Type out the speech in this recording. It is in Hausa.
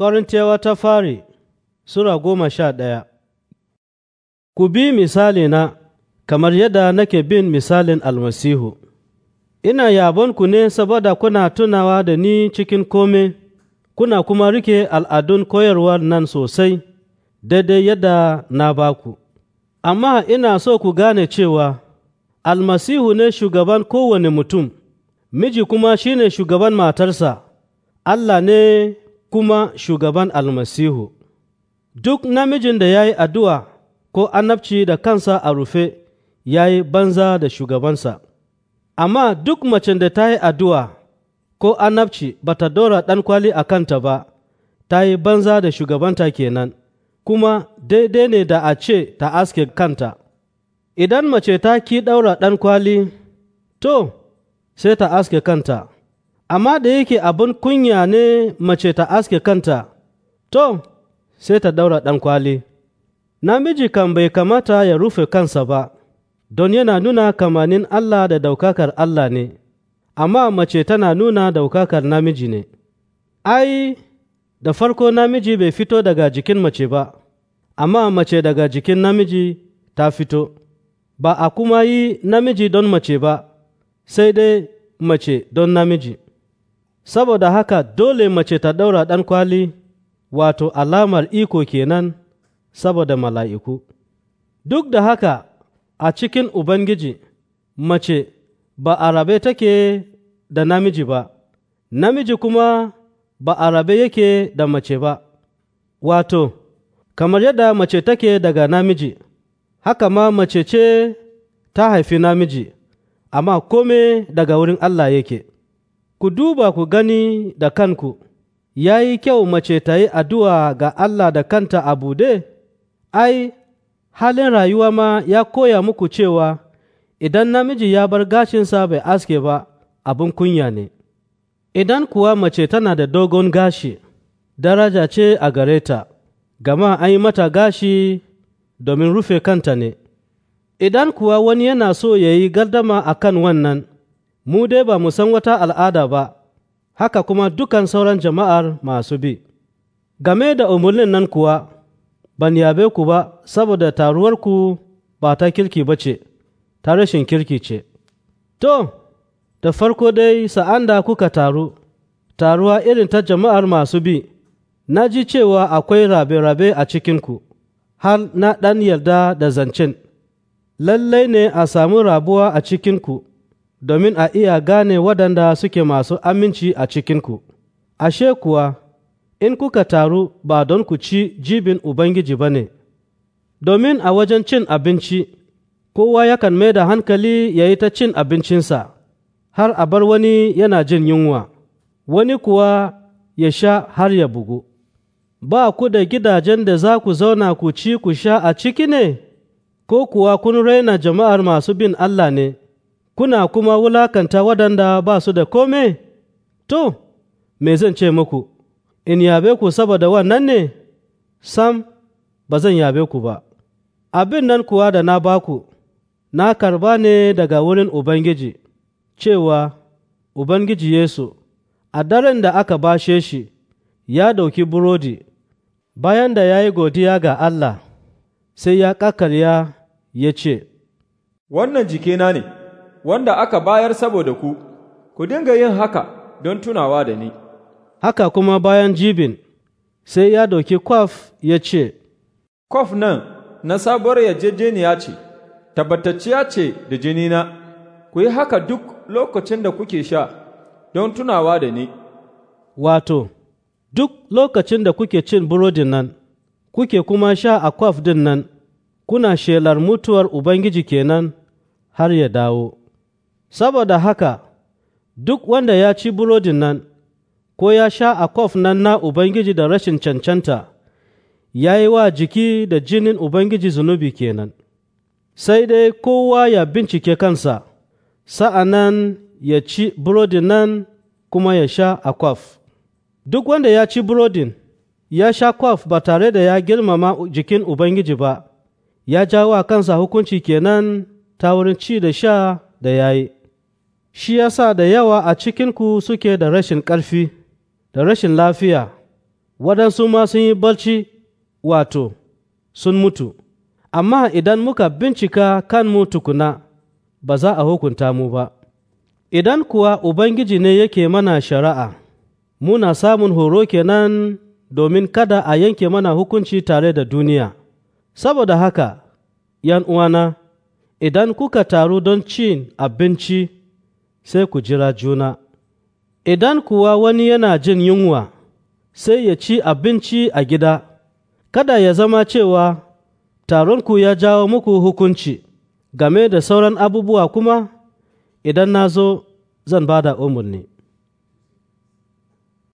Korintiyawa ta fari Sura goma sha ɗaya Ku bi misali na kamar yadda nake bin misalin almasihu, ina yabonku ne saboda kuna tunawa da ni cikin kome, kuna kuma rike al'adun koyarwar nan sosai daidai yadda na baku. Amma ina so ku gane cewa almasihu ne shugaban kowane mutum, miji kuma shine shugaban matarsa, Allah ne kuma shugaban almasihu duk namijin da ya yi addu'a ko annabci da kansa a rufe ya yi banza da shugabansa amma duk macen da ta yi addu'a ko annabci ba ta dora ɗankwali a kanta ba ta yi banza da shugabanta kenan kuma daidai ne da a ce ta aske kanta idan mace ta ki ɗaura kwali to sai ta aske kanta amma da yake abin kunya ne mace ta aske kanta, to, sai ta daura kwali Namiji kan bai kamata ya rufe kansa ba, don yana nuna kamanin Allah da daukakar Allah ne, amma mace tana nuna daukakar namiji ne. Ai, da farko namiji bai fito daga jikin mace ba, amma mace daga jikin namiji ta fito, ba a kuma yi namiji don mace ba, sai dai mace don namiji. saboda haka dole mace ta ɗaura ɗan kwali wato alamar iko kenan saboda mala'iku duk da haka a cikin ubangiji mace ba a rabe take da namiji ba namiji kuma ba a rabe yake da mace ba wato kamar yadda mace take daga namiji haka ma mace ce ta haifi namiji amma kome daga wurin Allah yake ku duba ku gani da kanku, ya yi kyau mace ta yi addu'a ga Allah da kanta a bude? Ai, halin rayuwa ma ya koya muku cewa idan namiji ya bar gashinsa bai aske ba abin kunya ne. Idan kuwa mace tana da dogon gashi, daraja ce a gare ta, gama an yi mata gashi domin rufe kanta ne. Idan kuwa wani yana so ya yi gardama a kan wannan, mu dai ba mu san wata al'ada ba, haka kuma dukan sauran jama'ar masu bi. Game da umarnin nan kuwa, ban yabe ku ba saboda taruwarku ba ta kirki ba ce, ta rashin kirki ce. To, da farko dai sa'an da kuka taru, taruwa irin ta jama'ar masu bi, na ji cewa akwai rabe-rabe a cikinku, har na ɗan yarda da zancen. Lallai ne a samu rabuwa a cikinku. domin a iya gane waɗanda suke masu aminci a cikinku, ashe kuwa, in kuka taru ba don ku ci jibin Ubangiji ba ne, domin a wajen cin abinci, kowa yakan mai da hankali ya yi ta cin abincinsa, har a bar wani yana jin yunwa, wani kuwa ya sha har ya bugu. Ba ku da gidajen da za ku zauna ku ci ku sha a ciki ne, ko kuwa kun raina jama'ar masu bin Allah ne. kuna kuma wulakanta waɗanda ba su da kome? To, me zan ce muku, in yabe ku saboda wannan ne, sam, ba zan yabe ku ba, abin nan kuwa da na baku, na karba ne daga wurin Ubangiji, cewa Ubangiji Yesu, a daren da aka bashe shi, ya ɗauki burodi, bayan da ya yi godiya ga Allah, sai ya ƙakarya ya ce, Wannan jikina ne. wanda aka bayar saboda ku, ku dinga yin haka don tunawa da ni. Haka kuma bayan jibin, sai ya ɗauki kwaf ya ce, Kwaf nan na sabuwar yarjejeniya ce, tabbatacciya ce da jinina, ku yi haka duk lokacin da kuke sha don tunawa da ni. Wato, duk lokacin da kuke cin burodin nan, kuke kuma sha a kwaf din nan, kuna shelar mutuwar Ubangiji kenan har ya dawo. Saboda haka, duk wanda ya ci burodin nan, ko ya sha a kwaf nan na Ubangiji da rashin cancanta, ya yi wa jiki da jinin Ubangiji zunubi kenan. Sai dai kowa ya bincike kansa, sa'an nan ya ci burodin nan kuma ya sha a kwaf. Duk wanda ya ci burodin, ya sha kwaf ba tare da ya girmama jikin Ubangiji ba, ya jawa kansa hukunci kenan ta wurin ci da sha da ya shi ya sa da yawa a cikinku suke da rashin ƙarfi, da rashin lafiya, waɗansu ma sun yi barci wato, sun mutu, amma idan muka bincika kanmu tukuna, ba za a hukunta mu ba. Idan kuwa Ubangiji ne yake mana shari'a, muna samun horo kenan domin kada a yanke mana hukunci tare da duniya. Saboda haka, ‘yan uwana, idan kuka taru don cin abinci, sai ku jira juna. Idan kuwa wani yana jin yunwa, sai ya ci abinci a gida, kada ya zama cewa taronku ya jawo muku hukunci game da sauran abubuwa kuma idan na zo zan ba da umarni.